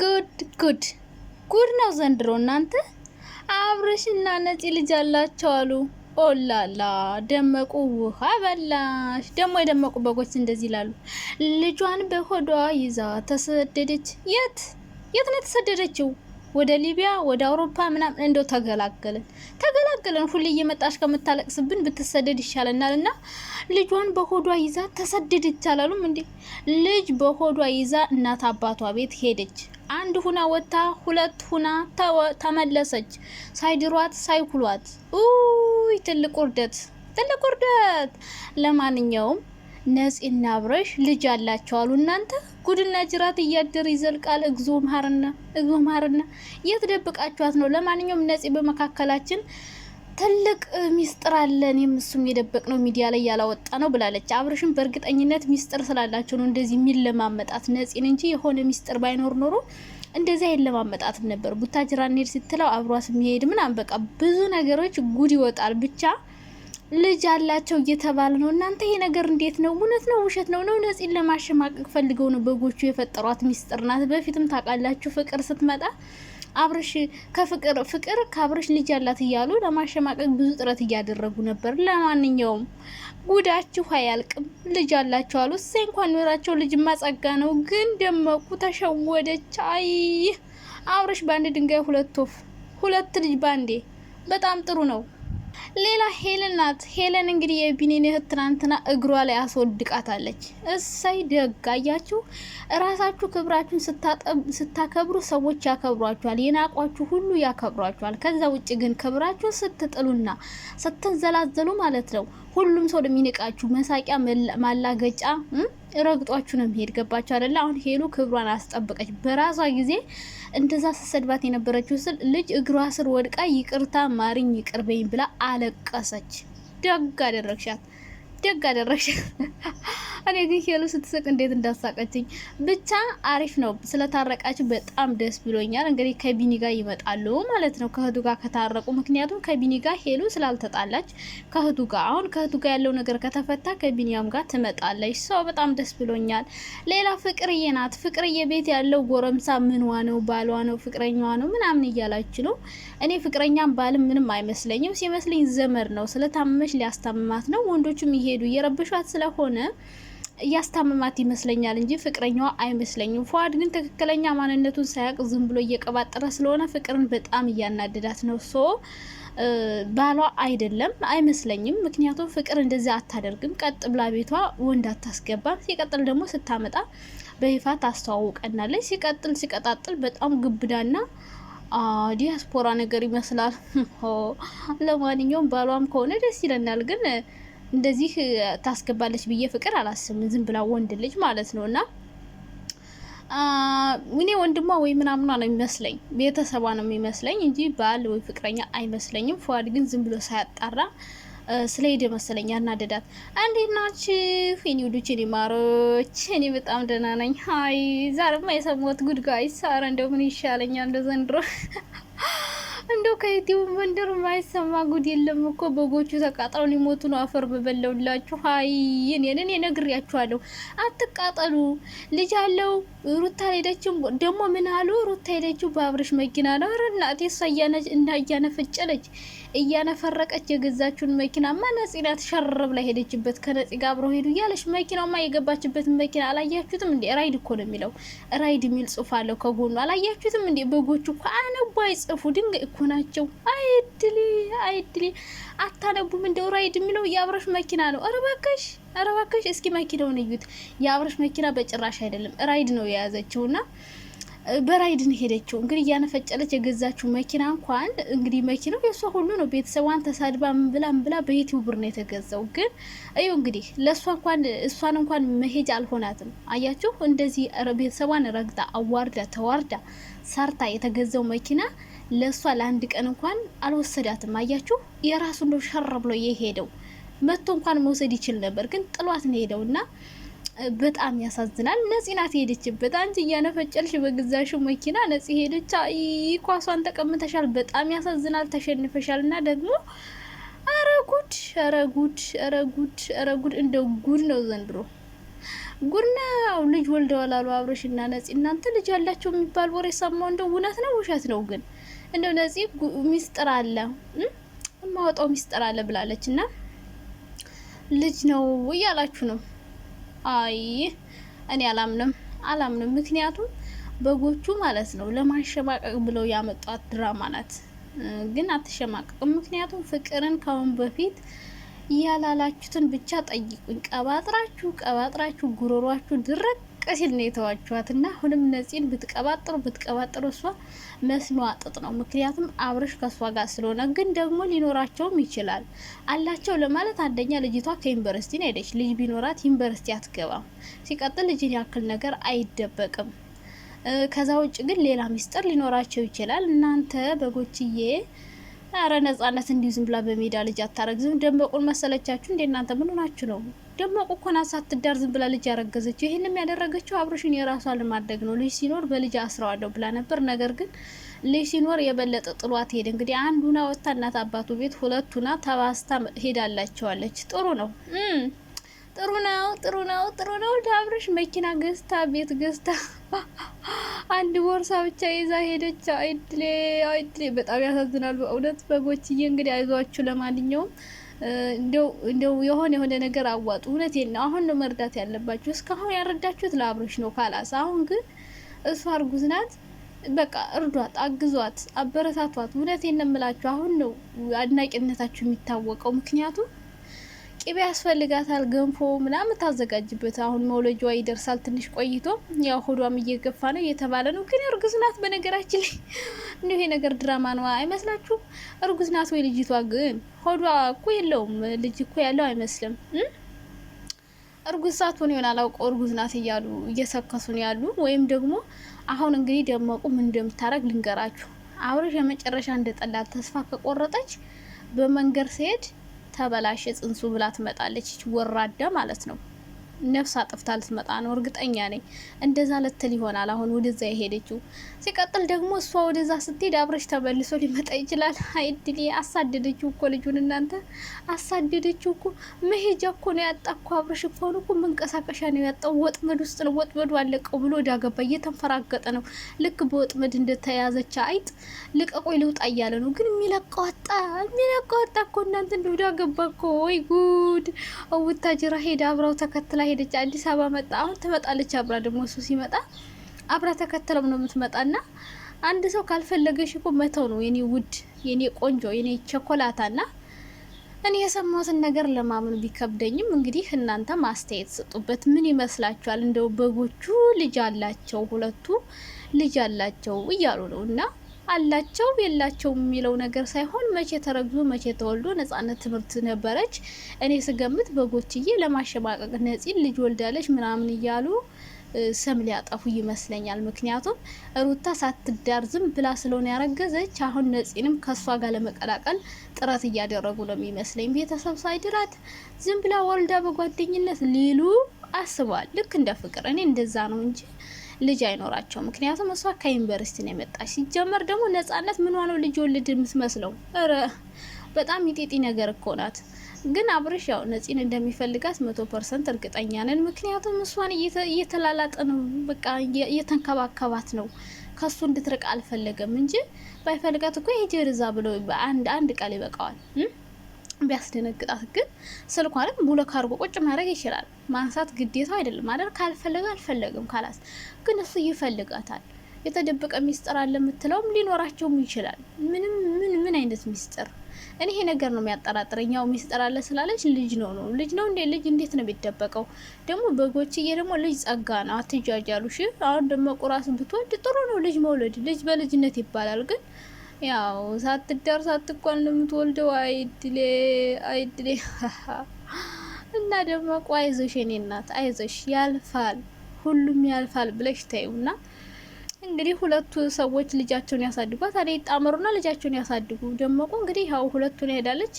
ጉድ ጉድ ጉድ ነው ዘንድሮ እናንተ። አብርሽና ነፂ ልጅ አላቸው አሉ። ኦላላ ደመቁ ውሃ በላሽ። ደግሞ የደመቁ በጎች እንደዚህ ይላሉ። ልጇን በሆዷ ይዛ ተሰደደች። የት የት ነው የተሰደደችው? ወደ ሊቢያ ወደ አውሮፓ ምናምን እንደው ተገላገልን ተገላገለን። ሁሌ እየመጣሽ ከምታለቅስብን ብትሰደድ ይሻለናል። እና ልጇን በሆዷ ይዛ ተሰደድ ይቻላሉም እንዴ? ልጅ በሆዷ ይዛ እናት አባቷ ቤት ሄደች። አንድ ሁና ወጥታ ሁለት ሁና ተመለሰች። ሳይድሯት ሳይኩሏት። ኡይ ትልቅ ውርደት፣ ትልቅ ውርደት። ለማንኛውም ነፂና አብረሽ ልጅ አላቸው አሉ። እናንተ ጉድና ጅራት እያደር ይዘልቃል። እግዞ ማርና እግዞ ማርና የት ደብቃችኋት ነው? ለማንኛውም ነፂ በመካከላችን ትልቅ ሚስጥር አለን፣ የምሱም የደበቅ ነው ሚዲያ ላይ ያላወጣ ነው ብላለች። አብረሽም በእርግጠኝነት ሚስጥር ስላላቸው ነው እንደዚህ የሚል ለማመጣት ነፂን እንጂ የሆነ ሚስጥር ባይኖር ኖሮ እንደዚህ አይን ለማመጣትም ነበር። ቡታጅራ እንሄድ ስትለው አብሯስ የሚሄድ ምናምን በቃ ብዙ ነገሮች ጉድ ይወጣል ብቻ ልጅ አላቸው እየተባለ ነው። እናንተ ይሄ ነገር እንዴት ነው? እውነት ነው? ውሸት ነው? ነው ነፂን ለማሸማቀቅ ፈልገው ነው። በጎቹ የፈጠሯት ሚስጥር ናት። በፊትም ታውቃላችሁ፣ ፍቅር ስትመጣ አብረሽ ከፍቅር ፍቅር ከአብረሽ ልጅ አላት እያሉ ለማሸማቀቅ ብዙ ጥረት እያደረጉ ነበር። ለማንኛውም ጉዳችሁ አያልቅም። ልጅ አላቸው አሉ። እሰይ እንኳን ኖራቸው። ልጅ ማጸጋ ነው። ግን ደመቁ ተሸወደች። አይ አብረሽ በአንድ ድንጋይ ሁለት ወፍ፣ ሁለት ልጅ ባንዴ። በጣም ጥሩ ነው። ሌላ ሄለን ናት። ሄለን እንግዲህ የቢኒን እህት ትናንትና እግሯ ላይ አስወድቃታለች። እሰይ ደጋያችሁ! አያችሁ። እራሳችሁ ክብራችሁን ስታከብሩ ሰዎች ያከብሯችኋል፣ የናቋችሁ ሁሉ ያከብሯችኋል። ከዛ ውጭ ግን ክብራችሁ ስትጥሉና ስትንዘላዘሉ ማለት ነው ሁሉም ሰው የሚንቃችሁ መሳቂያ ማላገጫ ረግጧችሁ ነው የሚሄድ። ገባችሁ አይደለ? አሁን ሄሉ ክብሯን አስጠብቀች። በራሷ ጊዜ እንደዛ ስትሰድባት የነበረችው ስል ልጅ እግሯ ስር ወድቃ ይቅርታ ማሪኝ ይቅር በኝ ብላ አለቀሰች። ደግ አደረግሻት፣ ደግ አደረግሻት። እኔ ግን ሄሉ ስትስቅ እንዴት እንዳሳቀችኝ ብቻ አሪፍ ነው። ስለታረቃችሁ በጣም ደስ ብሎኛል። እንግዲህ ከቢኒ ጋር ይመጣሉ ማለት ነው፣ ከእህቱ ጋር ከታረቁ። ምክንያቱም ከቢኒ ጋር ሄሉ ስላልተጣላች ከእህቱ ጋር አሁን ከእህቱ ጋር ያለው ነገር ከተፈታ ከቢኒያም ጋር ትመጣለች። ሰው በጣም ደስ ብሎኛል። ሌላ ፍቅርዬ ናት። ፍቅርዬ ቤት ያለው ጎረምሳ ምንዋ ነው? ባሏ ነው? ፍቅረኛዋ ነው? ምናምን እያላችሁ ነው። እኔ ፍቅረኛም ባልም ምንም አይመስለኝም። ሲመስለኝ ዘመድ ነው። ስለታመመች ሊያስታምማት ነው። ወንዶቹም ይሄዱ እየረበሿት ስለሆነ እያስታመማት ይመስለኛል እንጂ ፍቅረኛዋ አይመስለኝም። ፏድ ግን ትክክለኛ ማንነቱን ሳያውቅ ዝም ብሎ እየቀባጠረ ስለሆነ ፍቅርን በጣም እያናደዳት ነው። ሶ ባሏ አይደለም አይመስለኝም። ምክንያቱም ፍቅር እንደዚህ አታደርግም። ቀጥ ብላ ቤቷ ወንድ አታስገባም። ሲቀጥል ደግሞ ስታመጣ በይፋ ታስተዋውቀናለች። ሲቀጥል ሲቀጣጥል በጣም ግብዳና ዲያስፖራ ነገር ይመስላል። ለማንኛውም ባሏም ከሆነ ደስ ይለናል ግን እንደዚህ ታስገባለች ብዬ ፍቅር አላስብም። ዝም ብላ ወንድ ልጅ ማለት ነው እና እኔ ወንድሟ ወይ ምናምኗ ነው የሚመስለኝ፣ ቤተሰቧ ነው የሚመስለኝ እንጂ ባል ወይ ፍቅረኛ አይመስለኝም። ፏድ ግን ዝም ብሎ ሳያጣራ ስለሄደ መሰለኝ ያናደዳት። እንዴት ናችሁ የኔ ውዶች፣ የኔ ማሮች? እኔ በጣም ደህና ነኝ። ሀይ ዛሬማ የሰማሁት ጉድ ጋይስ፣ ኧረ እንደው ምን ይሻለኛል እንደ ዘንድሮ እንደው ከኢትዮ መንደር ማይሰማ ጉድ የለም እኮ በጎቹ ተቃጥለው ሊሞቱ ነው። አፈር በበለውላችሁ። ሀይ የኔን እኔ አትቃጠሉ። ልጅ አለው ሩታ ሄደችው። ደግሞ ምን አሉ? ሩታ ሄደችው በአብርሽ መኪና ነው። ኧረ እናቴ እሷ እና እያነፈጨለች እያነፈረቀች የገዛችውን መኪና ማ ነፂ ናት ሸረብ ላይ ሄደችበት። ከነጽ ጋር አብረው ሄዱ እያለች መኪናው ማ የገባችበትን መኪና አላያችሁትም እንዴ? ራይድ እኮ ነው የሚለው ራይድ የሚል ጽሁፍ አለው ከጎኑ አላያችሁትም እንዴ? በጎቹ እኮ አነቧ አይጽፉ ድንጋይ እኮ ናቸው። አይድሌ አይድሌ አታነቡም? እንደው ራይድ የሚለው የአብረሽ መኪና ነው። አረባከሽ አረባከሽ፣ እስኪ መኪናውን እዩት። የአብረሽ መኪና በጭራሽ አይደለም፣ ራይድ ነው የያዘችው በራይድ ነው ሄደችው። እንግዲህ እያነፈጨለች የገዛችው መኪና እንኳን እንግዲህ መኪናው የእሷ ሁሉ ነው። ቤተሰቧን ተሳድባ ምን ብላ ምን ብላ ነው የተገዛው። ግን እዩ እንግዲህ ለእሷ እንኳን እሷን እንኳን መሄጃ አልሆናትም። አያችሁ እንደዚህ ቤተሰቧን ረግጣ አዋርዳ ተዋርዳ ሰርታ የተገዛው መኪና ለእሷ ለአንድ ቀን እንኳን አልወሰዳትም። አያችሁ የራሱ ነው ሸረ ብሎ የሄደው መጥቶ እንኳን መውሰድ ይችል ነበር፣ ግን ጥሏት ነው ሄደው እና በጣም ያሳዝናል። ነፂ ናት ሄደችበት። አንቺ እያነፈጨልሽ በግዛሹ መኪና ነፂ ሄደች። ኳሷን ተቀምተሻል። በጣም ያሳዝናል። ተሸንፈሻል። እና ደግሞ አረ ጉድ፣ አረ ጉድ፣ አረ ጉድ፣ አረ ጉድ! እንደ ጉድ ነው ዘንድሮ ጉድ ነው። ልጅ ወልደዋል አሉ አብረሽ እና ነፂ። እናንተ ልጅ ያላቸው የሚባል ወሬ ሰማሁ። እንደ እውነት ነው ውሸት ነው ግን እንደው ለዚህ ሚስጥር አለ የማወጣው ሚስጥር አለ ብላለች እና ልጅ ነው እያላችሁ ነው። አይ እኔ አላምንም አላምንም። ምክንያቱም በጎቹ ማለት ነው ለማሸማቀቅ ብለው ያመጧት ድራማ ናት። ግን አትሸማቀቅም። ምክንያቱም ፍቅርን ካሁን በፊት ያላላችሁትን ብቻ ጠይቁኝ። ቀባጥራችሁ ቀባጥራችሁ ጉሮሯችሁ ድረት ሲል ነው የተዋችኋት እና አሁንም ነፂን ብትቀባጥሩ ብትቀባጥሩ እሷ መስኖ አጥጥ ነው። ምክንያቱም አብርሽ ከእሷ ጋር ስለሆነ፣ ግን ደግሞ ሊኖራቸውም ይችላል አላቸው ለማለት አንደኛ ልጅቷ ከዩኒቨርሲቲ ሄደች። ልጅ ቢኖራት ዩኒቨርሲቲ አትገባም። ሲቀጥል ልጅን ያክል ነገር አይደበቅም። ከዛ ውጭ ግን ሌላ ሚስጥር ሊኖራቸው ይችላል። እናንተ በጎችዬ አረ ነጻነት እንዲሁ ዝም ብላ በሜዳ ልጅ አታረግ። ዝም ደመቁን መሰለቻችሁ እንዴ እናንተ ምን ሆናችሁ ነው? ደመቁ እኮና ናት ሳትዳር ዝም ብላ ልጅ ያረገዘችው። ይህንም ያደረገችው አብርሽን የራሷን ለማድረግ ነው። ልጅ ሲኖር በልጅ አስረዋለሁ ብላ ነበር። ነገር ግን ልጅ ሲኖር የበለጠ ጥሏት ሄደ። እንግዲህ አንዱና ወታ እናት አባቱ ቤት፣ ሁለቱና ተባስታ ሄዳላቸዋለች። ጥሩ ነው። ጥሩ ነው፣ ጥሩ ነው፣ ጥሩ ነው። ለአብርሽ መኪና ገዝታ ቤት ገዝታ አንድ ቦርሳ ብቻ ይዛ ሄደች። አይድሌ አይድሌ፣ በጣም ያሳዝናል በእውነት በጎችዬ። እንግዲህ አይዟችሁ። ለማንኛውም እንደው የሆነ የሆነ ነገር አዋጡ። እውነቴን ነው። አሁን ነው መርዳት ያለባችሁ። እስካሁን ያረዳችሁት ለአብርሽ ነው ካላስ። አሁን ግን እሷ እርጉዝ ናት። በቃ እርዷት፣ አግዟት፣ አበረታቷት። እውነቴን ነው የምላችሁ። አሁን ነው አድናቂነታችሁ የሚታወቀው ምክንያቱም ቅቤ ያስፈልጋታል፣ ገንፎ ምናምን ታዘጋጅበት። አሁን መውለጇ ይደርሳል ትንሽ ቆይቶ፣ ያው ሆዷም እየገፋ ነው እየተባለ ነው። ግን እርጉዝ ናት። በነገራችን ላይ እንዲሁ ይሄ ነገር ድራማ ነው አይመስላችሁም? እርጉዝ ናት ወይ ልጅቷ? ግን ሆዷ እኮ የለውም ልጅ እኮ ያለው አይመስልም። እርጉዝ ሳትሆን ይሆናል አውቀው እርጉዝ ናት እያሉ እየሰከሱ ያሉ። ወይም ደግሞ አሁን እንግዲህ ደመቁ ምን እንደምታደርግ ልንገራችሁ። አብረሽ የመጨረሻ እንደጠላት ተስፋ ከቆረጠች በመንገድ ሲሄድ ተበላሸ ጽንሱ ብላ ትመጣለች። ወራዳ ማለት ነው። ነፍስ አጥፍታ ልትመጣ ነው፣ እርግጠኛ ነኝ። እንደዛ ልትል ይሆናል አሁን ወደዛ የሄደችው። ሲቀጥል ደግሞ እሷ ወደዛ ስትሄድ አብረሽ ተመልሶ ሊመጣ ይችላል። አይድል አሳደደችው እኮ ልጁን፣ እናንተ አሳደደችው እኮ። መሄጃ እኮ ነው ያጣ እኮ አብረሽ እኮ ነው እኮ መንቀሳቀሻ ነው ያጣው። ወጥመድ ውስጥ ነው፣ ወጥመዱ አለቀው ብሎ ወዳገባ እየተንፈራገጠ ነው። ልክ በወጥመድ እንደተያዘች አይጥ ልቀቆይ ልውጣ እያለ ነው። ግን የሚለቀው አጣ፣ የሚለቀው አጣ እኮ እናንተ። እንደ ወዳገባ እኮ ወይ ጉድ! ወታጀራ ሄዳ አብረው ተከትላ ሄደች፣ አዲስ አበባ መጣ። አሁን ትመጣለች አብራ ደግሞ እሱ ሲመጣ አብራ ተከተለው ነው የምትመጣና አንድ ሰው ካልፈለገሽ እኮ መተው ነው የኔ ውድ፣ የኔ ቆንጆ፣ የኔ ቸኮላታና እኔ የሰማሁትን ነገር ለማመን ቢከብደኝም እንግዲህ እናንተ ማስተያየት ሰጡበት ምን ይመስላችኋል? እንደው በጎቹ ልጅ አላቸው፣ ሁለቱ ልጅ አላቸው እያሉ ነው እና አላቸው የላቸው የሚለው ነገር ሳይሆን መቼ ተረግዞ መቼ ተወልዶ ነጻነት ትምህርት ነበረች። እኔ ስገምት በጎችዬ ለማሸማቀቅ ነጺን ልጅ ወልዳለች ምናምን እያሉ ስም ሊያጠፉ ይመስለኛል። ምክንያቱም ሩታ ሳትዳር ዝም ብላ ስለሆነ ያረገዘች። አሁን ነፂንም ከእሷ ጋር ለመቀላቀል ጥረት እያደረጉ ነው የሚመስለኝ። ቤተሰብ ሳይድራት ዝም ብላ ወልዳ በጓደኝነት ሊሉ አስቧል። ልክ እንደ ፍቅር እኔ እንደዛ ነው እንጂ ልጅ አይኖራቸው። ምክንያቱም እሷ ከዩኒቨርሲቲ ነው የመጣች። ሲጀመር ደግሞ ነጻነት ምኗ ነው ልጅ ወልድ የምትመስለው? እረ በጣም የጤጤ ነገር እኮ ናት። ግን አብርሽ ያው ነፂን እንደሚፈልጋት መቶ ፐርሰንት እርግጠኛ ነን። ምክንያቱም እሷን እየተላላጠ ነው፣ በቃ እየተንከባከባት ነው። ከሱ እንድትርቅ አልፈለገም እንጂ ባይፈልጋት እኮ ሄጀ ርዛ ብሎ አንድ አንድ ቃል ይበቃዋል። ቢያስደነግጣት ግን ስልኳንም ብሎክ አድርጎ ቁጭ ማድረግ ይችላል። ማንሳት ግዴታው አይደለም አይደል? ካልፈለገ አልፈለግም ካላስ ግን እሱ ይፈልጋታል። የተደበቀ ሚስጥር አለ የምትለውም ሊኖራቸውም ይችላል። ምንም ምን ምን አይነት ሚስጥር እኔ ይሄ ነገር ነው የሚያጠራጥረኝ። ያው ሚስጥር አለ ስላለች ልጅ ነው ነው ልጅ ነው እንዴ? ልጅ እንዴት ነው የሚደበቀው? ደግሞ በጎችዬ ደግሞ ልጅ ጸጋ ነው፣ አትጃጃሉ። እሺ አሁን ደመቁ ቁራስ ብትወድ ጥሩ ነው ልጅ መውለድ። ልጅ በልጅነት ይባላል ግን ያው ሳትዳር ሳትጓል ነው የምትወልደው። አይድሌ አይድሌ። እና ደመቁ አይዞሽ የኔ እናት አይዞሽ፣ ያልፋል፣ ሁሉም ያልፋል ብለሽ ታዩና እንግዲህ ሁለቱ ሰዎች ልጃቸውን ያሳድጉ። ታዲያ ይጣመሩና ልጃቸውን ያሳድጉ። ደመቁ እንግዲህ ያው ሁለቱን ሄዳለች።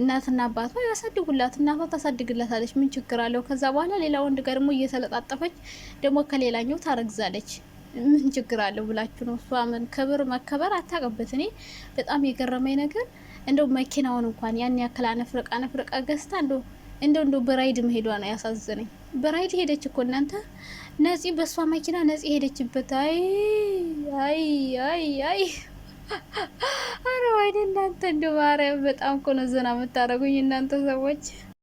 እናትና አባቷ ያሳድጉላት፣ እናቷ ታሳድግላታለች። ምን ችግር አለው? ከዛ በኋላ ሌላ ወንድ ጋር ደግሞ እየተለጣጠፈች ደግሞ ከሌላኛው ታረግዛለች። ምን ችግር አለው ብላችሁ ነው? እሷ ምን ክብር መከበር አታውቅበት። እኔ በጣም የገረመኝ ነገር እንደው መኪናውን እንኳን ያን ያክል አነፍረቃ አነፍረቃ ገዝታ እንደው እንደው እንደው በራይድ መሄዷ ነው ያሳዘነኝ። በራይድ ሄደች እኮ እናንተ ነፂ፣ በእሷ መኪና ነፂ ሄደችበት። አይ አይ አይ አይ አረ ወይኔ እናንተ እንደው ማርያም፣ በጣም እኮ ነው ዘና የምታደርጉኝ እናንተ ሰዎች።